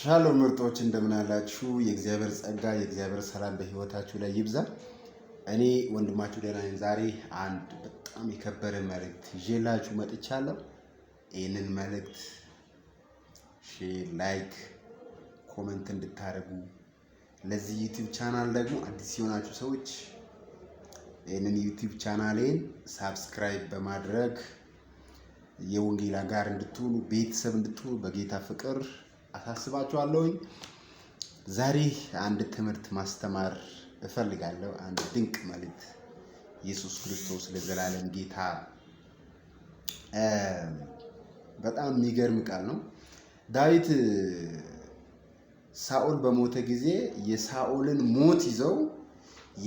ሻሎም ምርጦች እንደምን አላችሁ? የእግዚአብሔር ጸጋ የእግዚአብሔር ሰላም በሕይወታችሁ ላይ ይብዛ። እኔ ወንድማችሁ ደህና ነኝ። ዛሬ አንድ በጣም የከበረ መልእክት ይዤላችሁ መጥቻለሁ። ይህንን መልእክት ሼር፣ ላይክ፣ ኮመንት እንድታደርጉ ለዚህ ዩቲዩብ ቻናል ደግሞ አዲስ የሆናችሁ ሰዎች ይህንን ዩቲዩብ ቻናሌን ሳብስክራይብ በማድረግ የወንጌላ ጋር እንድትሆኑ ቤተሰብ እንድትሆኑ በጌታ ፍቅር አሳስባችኋለሁኝ። ዛሬ አንድ ትምህርት ማስተማር እፈልጋለሁ። አንድ ድንቅ መልእክት ኢየሱስ ክርስቶስ ለዘላለም ጌታ። በጣም የሚገርም ቃል ነው። ዳዊት ሳኦል በሞተ ጊዜ የሳኦልን ሞት ይዘው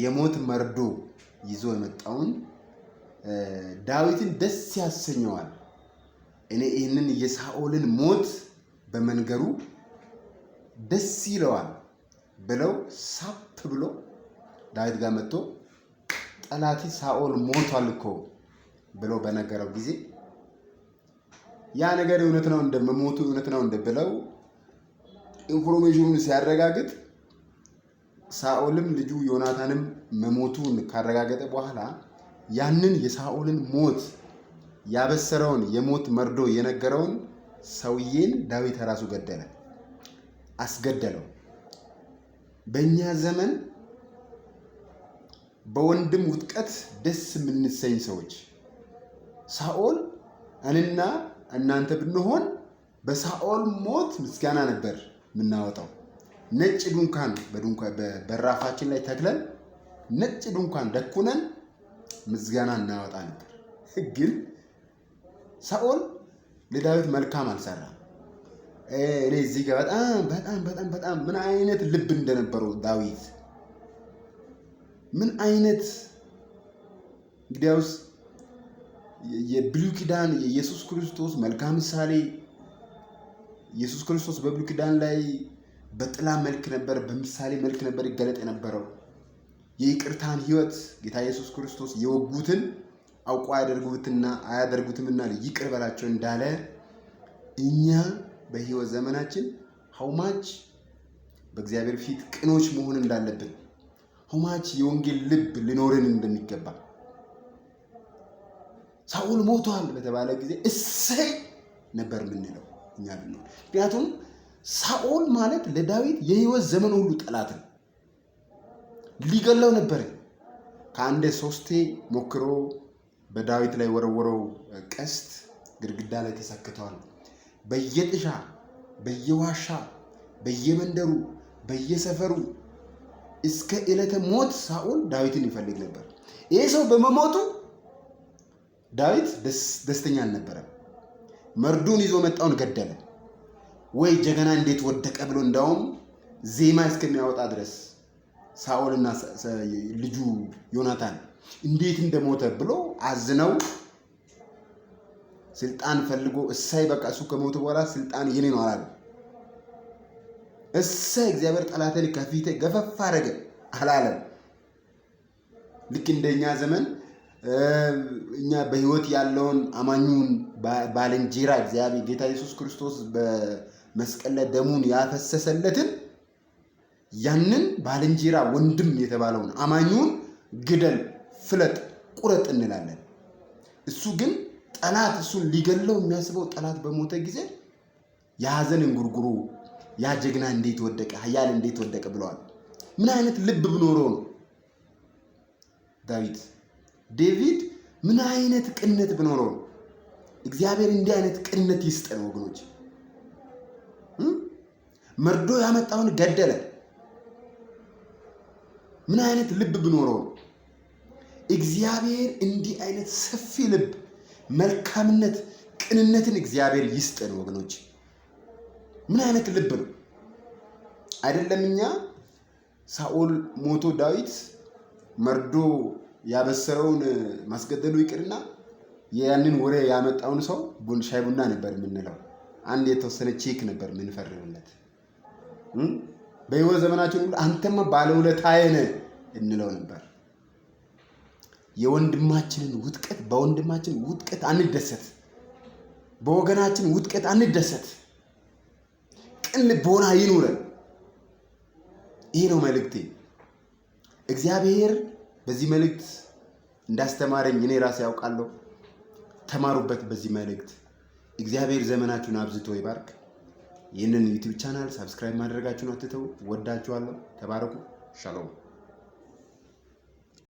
የሞት መርዶ ይዞ የመጣውን ዳዊትን ደስ ያሰኘዋል። እኔ ይህንን የሳኦልን ሞት በመንገሩ ደስ ይለዋል ብለው ሳፕ ብሎ ዳዊት ጋር መጥቶ ጠላቲ ሳኦል ሞቷል እኮ ብሎ በነገረው ጊዜ ያ ነገር እውነት ነው እንደ መሞቱ እውነት ነው እንደ ብለው ኢንፎርሜሽኑን ሲያረጋግጥ ሳኦልም ልጁ ዮናታንም መሞቱን ካረጋገጠ በኋላ ያንን የሳኦልን ሞት ያበሰረውን የሞት መርዶ የነገረውን ሰውዬን ዳዊት ራሱ ገደለ፣ አስገደለው። በእኛ ዘመን በወንድም ውጥቀት ደስ የምንሰኝ ሰዎች ሳኦል እኔና እናንተ ብንሆን በሳኦል ሞት ምስጋና ነበር የምናወጣው። ነጭ ድንኳን በራፋችን ላይ ተክለን ነጭ ድንኳን ደኩነን ምስጋና እናወጣ ነበር። ግን ሳኦል ለዳዊት መልካም አልሰራም። እኔ እዚህ ጋር በጣም በጣም በጣም በጣም ምን አይነት ልብ እንደነበረው ዳዊት ምን አይነት እንግዲያውስ የብሉይ ኪዳን የኢየሱስ ክርስቶስ መልካም ምሳሌ ኢየሱስ ክርስቶስ በብሉይ ኪዳን ላይ በጥላ መልክ ነበር፣ በምሳሌ መልክ ነበር ይገለጥ የነበረው የይቅርታን ህይወት ጌታ ኢየሱስ ክርስቶስ የወጉትን አውቆ አያደርጉትና አያደርጉትምና ይቅር በላቸው እንዳለ እኛ በህይወት ዘመናችን ሀውማች በእግዚአብሔር ፊት ቅኖች መሆን እንዳለብን ሀውማች የወንጌል ልብ ሊኖርን እንደሚገባ ሳውል ሞቷል በተባለ ጊዜ እሰይ ነበር የምንለው እኛ ብንሆን። ምክንያቱም ሳኦል ማለት ለዳዊት የህይወት ዘመን ሁሉ ጠላት ነው። ሊገለው ነበር። ከአንድ ሶስቴ ሞክሮ በዳዊት ላይ ወረወረው ቀስት ግድግዳ ላይ ተሰክተዋል። በየጥሻ በየዋሻ በየመንደሩ በየሰፈሩ እስከ ዕለተ ሞት ሳኦል ዳዊትን ይፈልግ ነበር። ይህ ሰው በመሞቱ ዳዊት ደስተኛ አልነበረም። መርዱን ይዞ መጣውን ገደለ። ወይ ጀገና እንዴት ወደቀ ብሎ እንዳውም ዜማ እስከሚያወጣ ድረስ ሳኦልና ልጁ ዮናታን እንዴት እንደሞተ ብሎ አዝነው ስልጣን ፈልጎ እሳይ በቃ እሱ ከሞተ በኋላ ስልጣን የኔ ነው አላለ። እሳይ እግዚአብሔር ጠላትን ከፊቴ ገፈፍ አደረገ አላለም። ልክ እንደኛ ዘመን እኛ በህይወት ያለውን አማኙን ባልንጀራ እግዚአብሔር ጌታ ኢየሱስ ክርስቶስ በመስቀል ላይ ደሙን ያፈሰሰለትን ያንን ባልንጀራ ወንድም የተባለውን አማኙን ግደል፣ ፍለጥ፣ ቁረጥ እንላለን። እሱ ግን ጠላት እሱን ሊገለው የሚያስበው ጠላት በሞተ ጊዜ የሀዘን እንጉርጉሮ ያ ጀግና እንዴት ወደቀ፣ ሀያል እንዴት ወደቀ ብለዋል። ምን አይነት ልብ ብኖሮ ነው ዳዊት ዴቪድ ምን አይነት ቅነት ብኖሮ ነው? እግዚአብሔር እንዲህ አይነት ቅነት ይስጠን ወገኖች። መርዶ ያመጣውን ገደለ። ምን አይነት ልብ ብኖረው እግዚአብሔር እንዲህ አይነት ሰፊ ልብ፣ መልካምነት፣ ቅንነትን እግዚአብሔር ይስጠን ወገኖች። ምን አይነት ልብ ነው አይደለም? እኛ ሳኦል ሞቶ ዳዊት መርዶ ያበሰረውን ማስገደሉ ይቅርና ያንን ወሬ ያመጣውን ሰው ሻይ ቡና ነበር የምንለው። አንድ የተወሰነ ቼክ ነበር የምንፈርምለት። በሕይወት ዘመናችን ሁሉ አንተማ ባለውለታዬ ነህ እንለው ነበር። የወንድማችንን ውጥቀት በወንድማችን ውጥቀት አንደሰት፣ በወገናችን ውጥቀት አንደሰት። ቅን ልቦና ይኑረን። ይሄ ነው መልእክቴ። እግዚአብሔር በዚህ መልእክት እንዳስተማረኝ እኔ ራሴ ያውቃለሁ። ተማሩበት። በዚህ መልእክት እግዚአብሔር ዘመናችሁን አብዝቶ ይባርክ። ይህንን ዩቲዩብ ቻናል ሳብስክራይብ ማድረጋችሁን አትተው። ወዳችኋለሁ። ተባረኩ። ሻሎም